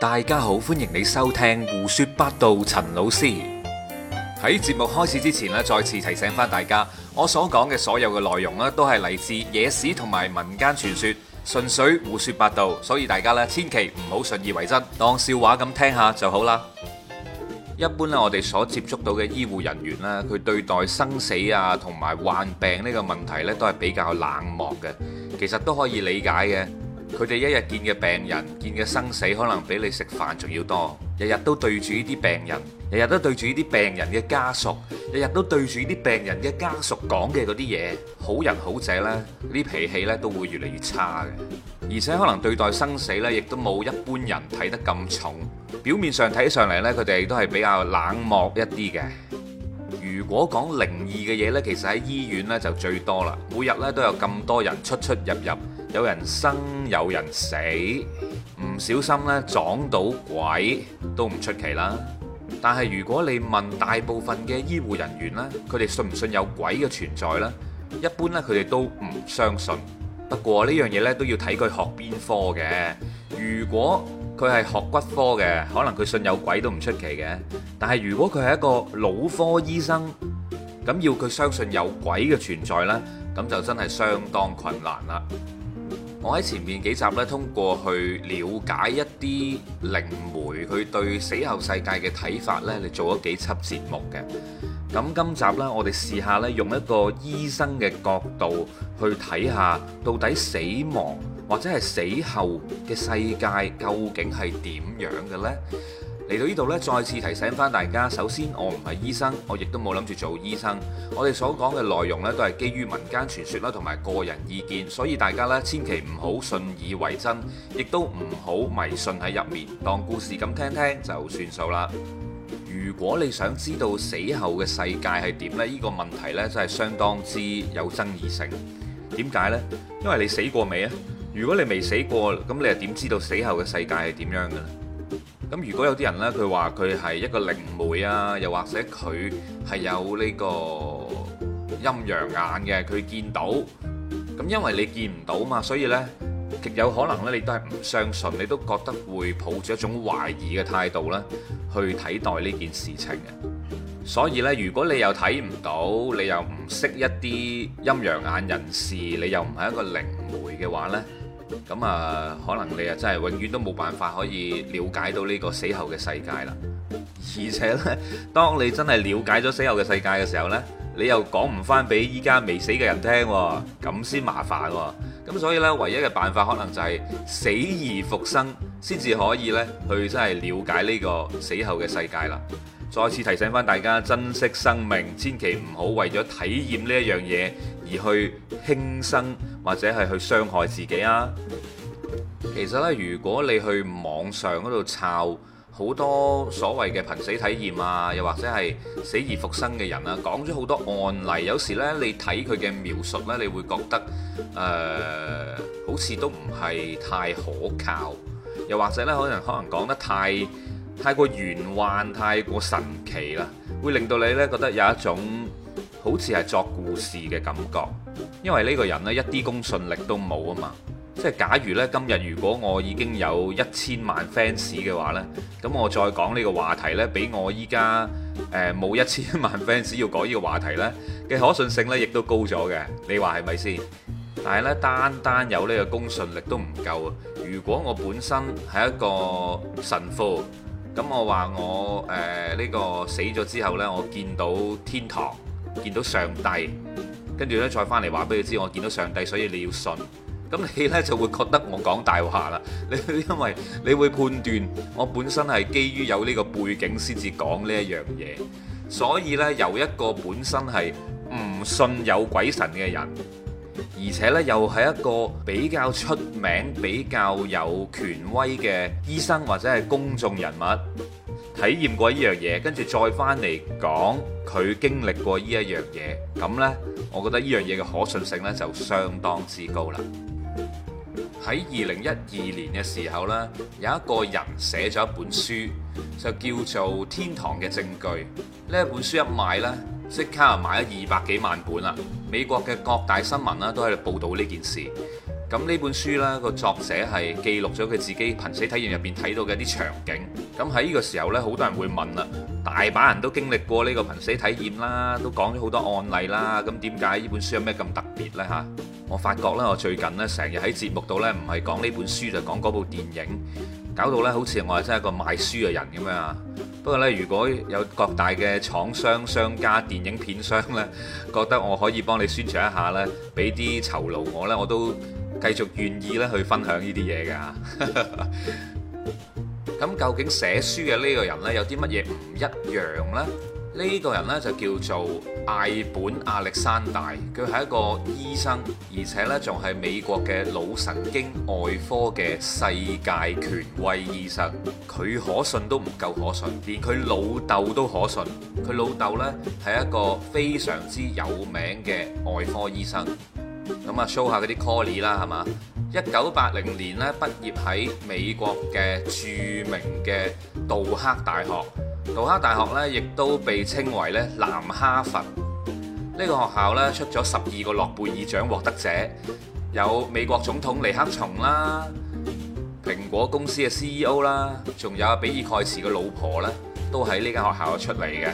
大家好，歡迎你收聽胡說八道。陳老師喺節目開始之前咧，再次提醒翻大家，我所講嘅所有嘅內容咧，都係嚟自野史同埋民間傳說，純粹胡說八道，所以大家咧千祈唔好信以為真，當笑話咁聽下就好啦。一般咧，我哋所接觸到嘅醫護人員咧，佢對待生死啊同埋患病呢個問題咧，都係比較冷漠嘅，其實都可以理解嘅。佢哋一日見嘅病人，見嘅生死可能比你食飯仲要多。日日都對住呢啲病人，日日都對住呢啲病人嘅家屬，日日都對住呢啲病人嘅家屬講嘅嗰啲嘢，好人好仔呢啲脾氣呢都會越嚟越差嘅。而且可能對待生死呢，亦都冇一般人睇得咁重。表面上睇上嚟呢，佢哋都係比較冷漠一啲嘅。如果講靈異嘅嘢呢，其實喺醫院呢就最多啦。每日呢，都有咁多人出出入入。有人生有人死，唔小心呢撞到鬼都唔出奇啦。但係如果你問大部分嘅醫護人員呢，佢哋信唔信有鬼嘅存在呢？一般呢，佢哋都唔相信。不過呢樣嘢呢，都要睇佢學邊科嘅。如果佢係學骨科嘅，可能佢信有鬼都唔出奇嘅。但係如果佢係一個腦科醫生，咁要佢相信有鬼嘅存在呢，咁就真係相當困難啦。我喺前面幾集咧，通過去了解一啲靈媒佢對死後世界嘅睇法呢，嚟做咗幾輯節目嘅。咁今集呢，我哋試下呢，用一個醫生嘅角度去睇下，到底死亡或者係死後嘅世界究竟係點樣嘅呢？嚟到呢度咧，再次提醒翻大家，首先我唔係醫生，我亦都冇諗住做醫生。我哋所講嘅內容咧，都係基於民間傳說啦，同埋個人意見，所以大家咧，千祈唔好信以為真，亦都唔好迷信喺入面，當故事咁聽聽就算數啦。如果你想知道死後嘅世界係點呢？呢個問題咧，真係相當之有爭議性。點解呢？因為你死過未啊？如果你未死過，咁你又點知道死後嘅世界係點樣嘅呢？咁如果有啲人呢，佢話佢係一個靈媒啊，又或者佢係有呢個陰陽眼嘅，佢見到，咁因為你見唔到嘛，所以呢，極有可能呢，你都係唔相信，你都覺得會抱住一種懷疑嘅態度呢去睇待呢件事情嘅。所以呢，如果你又睇唔到，你又唔識一啲陰陽眼人士，你又唔係一個靈媒嘅話呢。咁啊，可能你啊真係永遠都冇辦法可以了解到呢個死後嘅世界啦。而且呢，當你真係了解咗死後嘅世界嘅時候呢，你又講唔翻俾依家未死嘅人聽，咁先麻煩。咁所以呢，唯一嘅辦法可能就係死而復生，先至可以呢去真係了解呢個死後嘅世界啦。再次提醒翻大家珍惜生命，千祈唔好為咗體驗呢一樣嘢而去輕生或者係去傷害自己啊！其實呢，如果你去網上嗰度抄好多所謂嘅瀕死體驗啊，又或者係死而復生嘅人啊，講咗好多案例，有時呢，你睇佢嘅描述呢，你會覺得誒、呃、好似都唔係太可靠，又或者呢，可能可能講得太太過玄幻，太過神奇啦，會令到你呢覺得有一種好似係作故事嘅感覺。因為呢個人呢一啲公信力都冇啊嘛，即係假如呢，今日如果我已經有一千萬 fans 嘅話呢，咁我再講呢個話題呢，比我依家誒冇一千萬 fans 要講呢個話題呢嘅可信性呢亦都高咗嘅。你話係咪先？但係呢，單單有呢個公信力都唔夠啊。如果我本身係一個神父。咁我話我誒呢、呃呢個死咗之後呢，我見到天堂，見到上帝，跟住呢，再翻嚟話俾你知，我見到上帝，所以你要信。咁你呢，就會覺得我講大話啦，你因為你會判斷我本身係基於有呢個背景先至講呢一樣嘢，所以呢，由一個本身係唔信有鬼神嘅人。而且呢，又係一個比較出名、比較有權威嘅醫生或者係公眾人物，體驗過呢樣嘢，跟住再翻嚟講佢經歷過呢一樣嘢，咁呢，我覺得呢樣嘢嘅可信性呢，就相當之高啦。喺二零一二年嘅時候咧，有一個人寫咗一本書，就叫做《天堂嘅證據》。呢一本書一賣咧，即刻啊賣咗二百幾萬本啦。美國嘅各大新聞啦都喺度報導呢件事。咁呢本書咧，呢個作者係記錄咗佢自己瀕死體驗入邊睇到嘅一啲場景。咁喺呢個時候咧，好多人會問啦，大把人都經歷過呢個瀕死體驗啦，都講咗好多案例啦。咁點解呢本書有咩咁特別咧？嚇？我發覺咧，我最近咧成日喺節目度咧，唔係講呢本書就講嗰部電影，搞到咧好似我係真係一個賣書嘅人咁樣。不過咧，如果有各大嘅廠商、商家、電影片商咧，覺得我可以幫你宣傳一下咧，俾啲酬勞我咧，我都繼續願意咧去分享呢啲嘢㗎。咁 究竟寫書嘅呢個人咧，有啲乜嘢唔一樣呢？呢個人呢，就叫做艾本亞歷山大，佢係一個醫生，而且呢，仲係美國嘅腦神經外科嘅世界權威醫生。佢可信都唔夠可信，連佢老豆都可信。佢老豆呢，係一個非常之有名嘅外科醫生。咁啊 show 下嗰啲 colony 啦，係嘛？一九八零年呢，畢業喺美國嘅著名嘅杜克大學。杜克大學咧，亦都被稱為咧南哈佛。呢個學校咧，出咗十二個諾貝爾獎獲得者，有美國總統尼克松啦，蘋果公司嘅 CEO 啦，仲有比爾蓋茨嘅老婆咧，都喺呢間學校出嚟嘅。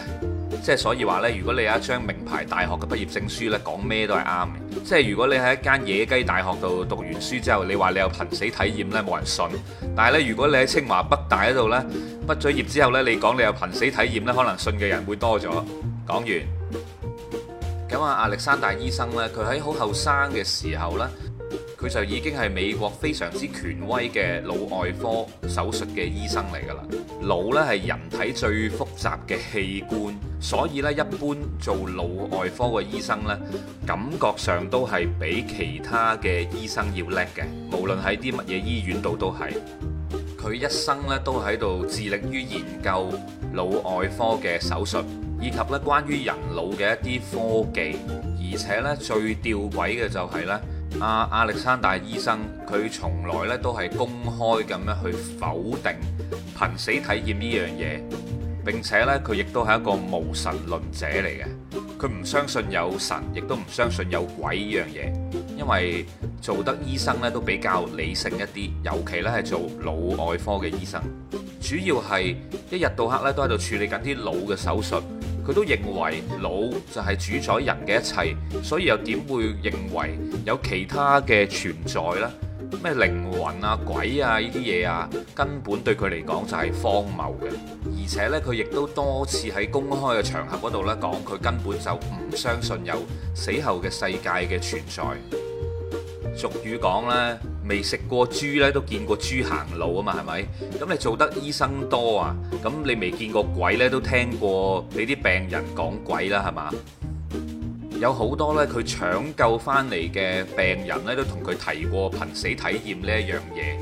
即係所以話咧，如果你有一張名牌大學嘅畢業證書咧，講咩都係啱嘅。即係如果你喺一間野雞大學度讀完書之後，你話你有瀕死體驗呢，冇人信。但係咧，如果你喺清華、北大嗰度呢，畢咗業之後咧，你講你又瀕死體驗咧，可能信嘅人會多咗。講完，咁阿亞歷山大醫生咧，佢喺好後生嘅時候咧，佢就已經係美國非常之權威嘅腦外科手術嘅醫生嚟噶啦。腦咧係人體最複雜嘅器官，所以咧一般做腦外科嘅醫生咧，感覺上都係比其他嘅醫生要叻嘅，無論喺啲乜嘢醫院度都係。佢一生咧都喺度致力於研究腦外科嘅手術，以及咧關於人腦嘅一啲科技。而且咧最吊詭嘅就係、是、咧，阿、啊、亞歷山大醫生佢從來咧都係公開咁樣去否定瀕死體驗呢樣嘢。並且咧佢亦都係一個無神論者嚟嘅，佢唔相信有神，亦都唔相信有鬼呢樣嘢。因為做得醫生咧，都比較理性一啲，尤其咧係做腦外科嘅醫生，主要係一日到黑咧都喺度處理緊啲腦嘅手術。佢都認為腦就係主宰人嘅一切，所以又點會認為有其他嘅存在呢？咩靈魂啊、鬼啊呢啲嘢啊，根本對佢嚟講就係荒謬嘅。而且呢，佢亦都多次喺公開嘅場合嗰度咧講，佢根本就唔相信有死後嘅世界嘅存在。俗語講咧，未食過豬咧都見過豬行路啊嘛，係咪？咁你做得醫生多啊，咁你未見過鬼咧都聽過你啲病人講鬼啦，係嘛？有好多咧，佢搶救翻嚟嘅病人咧都同佢提過瀕死體驗呢一樣嘢，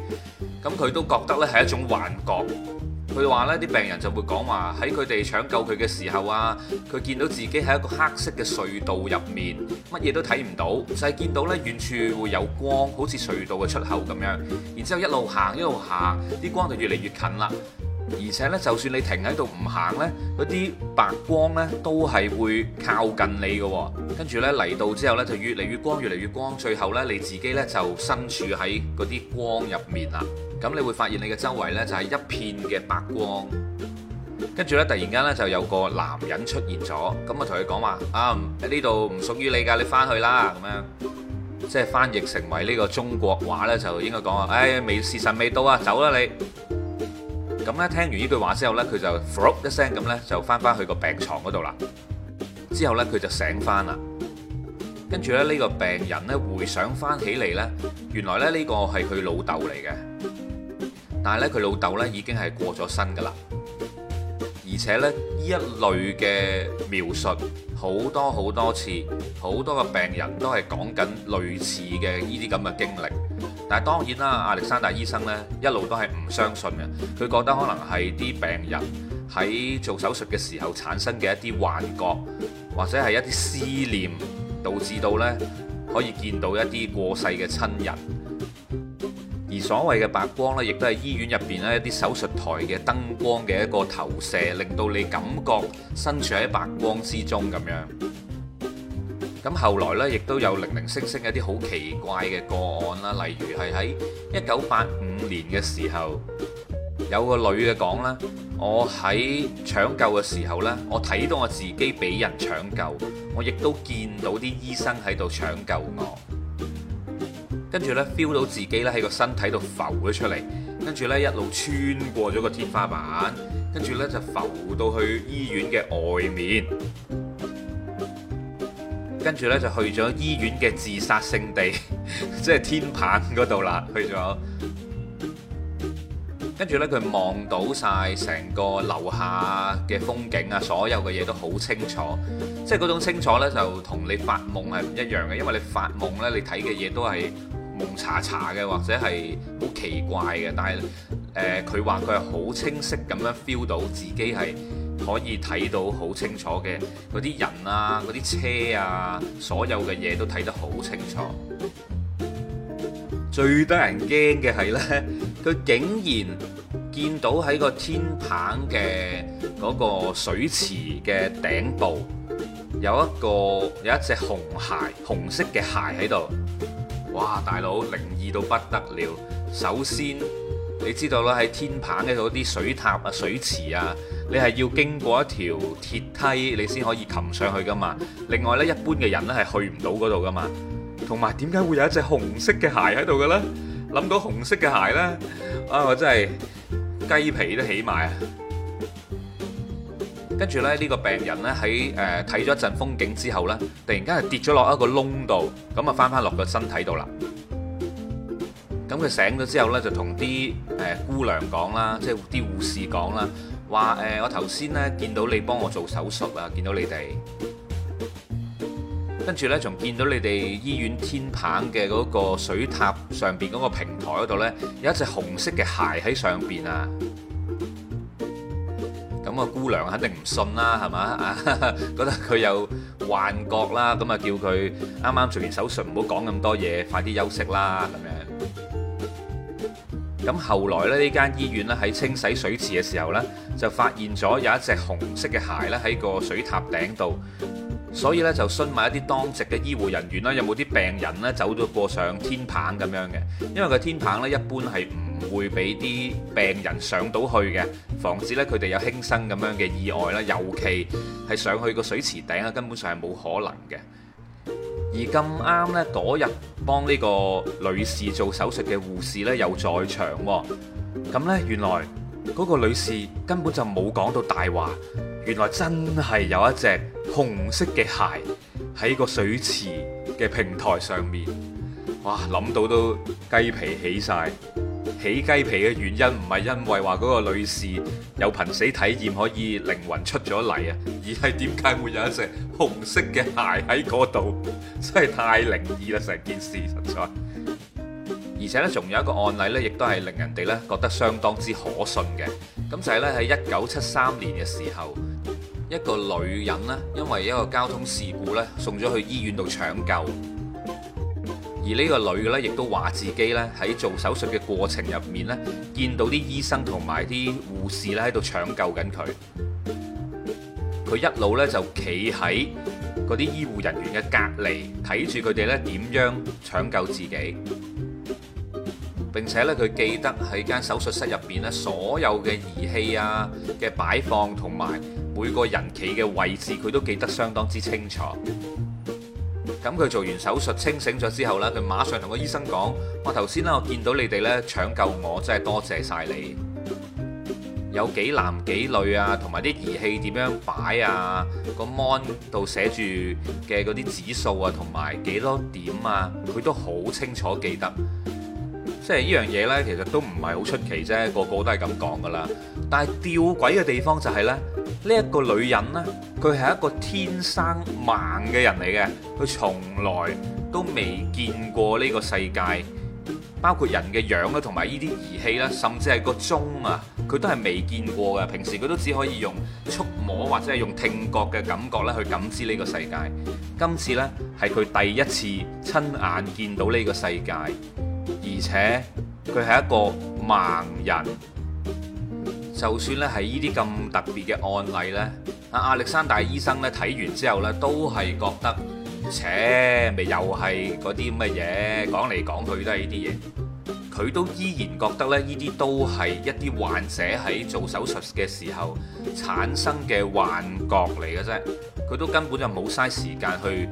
咁佢都覺得咧係一種幻覺。佢話呢啲病人就會講話，喺佢哋搶救佢嘅時候啊，佢見到自己喺一個黑色嘅隧道入面，乜嘢都睇唔到，就係見到呢遠處會有光，好似隧道嘅出口咁樣，然之後一路行一路行，啲光就越嚟越近啦。而且咧，就算你停喺度唔行呢，嗰啲白光呢都係會靠近你嘅。跟住呢嚟到之後呢，就越嚟越光，越嚟越光，最後呢，你自己呢就身處喺嗰啲光入面啦。咁你會發現你嘅周圍呢就係一片嘅白光。跟住呢，突然間呢就有個男人出現咗，咁啊同佢講話，啊呢度唔屬於你噶，你翻去啦。咁樣即係翻譯成為呢個中國話呢，就應該講啊，唉、哎、未，時辰未到啊，走啦你。咁咧，聽完呢句話之後呢，佢就 f o 一聲咁呢，就翻翻去個病床嗰度啦。之後呢，佢就醒翻啦。跟住咧，呢個病人呢回想翻起嚟呢，原來呢，呢個係佢老豆嚟嘅，但係呢，佢老豆呢已經係過咗身噶啦。而且呢一類嘅描述好多好多次，好多個病人都係講緊類似嘅呢啲咁嘅經歷。但當然啦，亞歷山大醫生呢一路都係唔相信嘅。佢覺得可能係啲病人喺做手術嘅時候產生嘅一啲幻覺，或者係一啲思念，導致到呢可以見到一啲過世嘅親人。而所謂嘅白光呢，亦都係醫院入邊呢一啲手術台嘅燈光嘅一個投射，令到你感覺身處喺白光之中咁樣。咁後來呢，亦都有零零星星一啲好奇怪嘅個案啦，例如係喺一九八五年嘅時候，有個女嘅講啦，我喺搶救嘅時候呢，我睇到我自己俾人搶救，我亦都見到啲醫生喺度搶救我，跟住呢 feel 到自己呢喺個身體度浮咗出嚟，跟住呢一路穿過咗個天花板，跟住呢就浮到去醫院嘅外面。跟住呢，就去咗醫院嘅自殺聖地， 即係天棚嗰度啦。去咗，跟住呢，佢望到晒成個樓下嘅風景啊，所有嘅嘢都好清楚。即係嗰種清楚呢，就同你發夢係唔一樣嘅，因為你發夢呢，你睇嘅嘢都係矇查查嘅，或者係好奇怪嘅。但係誒，佢話佢係好清晰咁樣 feel 到自己係。可以睇到好清楚嘅嗰啲人啊，嗰啲車啊，所有嘅嘢都睇得好清楚。最得人驚嘅係呢，佢竟然見到喺個天棚嘅嗰個水池嘅頂部有一個有一隻紅鞋，紅色嘅鞋喺度。哇！大佬靈異到不得了。首先。你知道啦，喺天棚嘅嗰啲水塔啊、水池啊，你係要經過一條鐵梯，你先可以擒上去噶嘛。另外呢，一般嘅人咧係去唔到嗰度噶嘛。同埋，點解會有一隻紅色嘅鞋喺度嘅呢？諗到紅色嘅鞋呢，啊，我真係雞皮都起埋啊！跟住咧，呢個病人呢，喺誒睇咗一陣風景之後呢，突然間係跌咗落一個窿度，咁啊翻翻落個身體度啦。咁佢醒咗之後呢，就同啲誒姑娘講啦，即係啲護士講啦，話誒、呃、我頭先呢，見到你幫我做手術啊，見到你哋跟住呢，仲見到你哋醫院天棚嘅嗰個水塔上邊嗰個平台嗰度呢，有一隻紅色嘅鞋喺上邊啊。咁個姑娘肯定唔信啦，係嘛？ 覺得佢有幻覺啦，咁啊叫佢啱啱做完手術唔好講咁多嘢，快啲休息啦，咁樣。咁後來咧，呢間醫院咧喺清洗水池嘅時候呢，就發現咗有一隻紅色嘅鞋咧喺個水塔頂度，所以咧就詢問一啲當值嘅醫護人員啦，有冇啲病人咧走咗過上天棚咁樣嘅？因為個天棚呢，一般係唔會俾啲病人上到去嘅，防止咧佢哋有輕生咁樣嘅意外啦。尤其係上去個水池頂啊，根本上係冇可能嘅。而咁啱呢，嗰日幫呢個女士做手術嘅護士呢，又在場喎、哦。咁呢，原來嗰、那個女士根本就冇講到大話，原來真係有一隻紅色嘅鞋喺個水池嘅平台上面。哇！諗到都雞皮起晒。起雞皮嘅原因唔係因為話嗰個女士有瀕死體驗可以靈魂出咗嚟啊，而係點解會有一隻紅色嘅鞋喺嗰度，真係太靈異啦成件事實在。而且呢，仲有一個案例呢，亦都係令人哋呢覺得相當之可信嘅。咁就係呢，喺一九七三年嘅時候，一個女人呢，因為一個交通事故呢，送咗去醫院度搶救。而呢個女嘅咧，亦都話自己咧喺做手術嘅過程入面呢，見到啲醫生同埋啲護士咧喺度搶救緊佢。佢一路呢，就企喺嗰啲醫護人員嘅隔離，睇住佢哋呢點樣搶救自己。並且呢，佢記得喺間手術室入邊呢，所有嘅儀器啊嘅擺放同埋每個人企嘅位置，佢都記得相當之清楚。咁佢做完手術清醒咗之後呢，佢馬上同個醫生講：「我頭先呢，我見到你哋呢搶救我，真係多謝晒你。有幾男幾女啊，同埋啲儀器點樣擺啊，個 mon 度寫住嘅嗰啲指數啊，同埋幾多點啊，佢都好清楚記得。」即係呢樣嘢呢，其實都唔係好出奇啫，個個都係咁講噶啦。但係吊詭嘅地方就係咧，呢一個女人呢，佢係一個天生盲嘅人嚟嘅，佢從來都未見過呢個世界，包括人嘅樣啦，同埋呢啲儀器啦，甚至係個鐘啊，佢都係未見過嘅。平時佢都只可以用觸摸或者係用聽覺嘅感覺咧，去感知呢個世界。今次呢，係佢第一次親眼見到呢個世界，而且佢係一個盲人。就算咧係呢啲咁特別嘅案例呢，阿亞歷山大醫生呢睇完之後呢，都係覺得，扯咪又係嗰啲咁嘅嘢，講嚟講去都係呢啲嘢。佢都依然覺得咧，呢啲都係一啲患者喺做手術嘅時候產生嘅幻覺嚟嘅啫。佢都根本就冇嘥時間去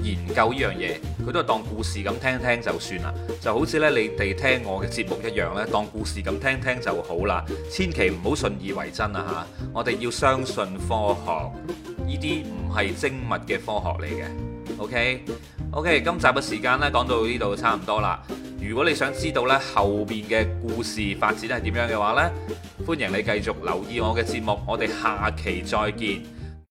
研究呢樣嘢，佢都係當故事咁聽聽就算啦。就好似咧，你哋聽我嘅節目一樣咧，當故事咁聽聽就好啦。千祈唔好信以為真啊！嚇，我哋要相信科學，呢啲唔係精密嘅科學嚟嘅。OK，OK，okay? okay，今集嘅時間咧講到呢度差唔多啦。如果你想知道咧，後邊嘅故事發展係點樣嘅話咧，歡迎你繼續留意我嘅節目，我哋下期再見。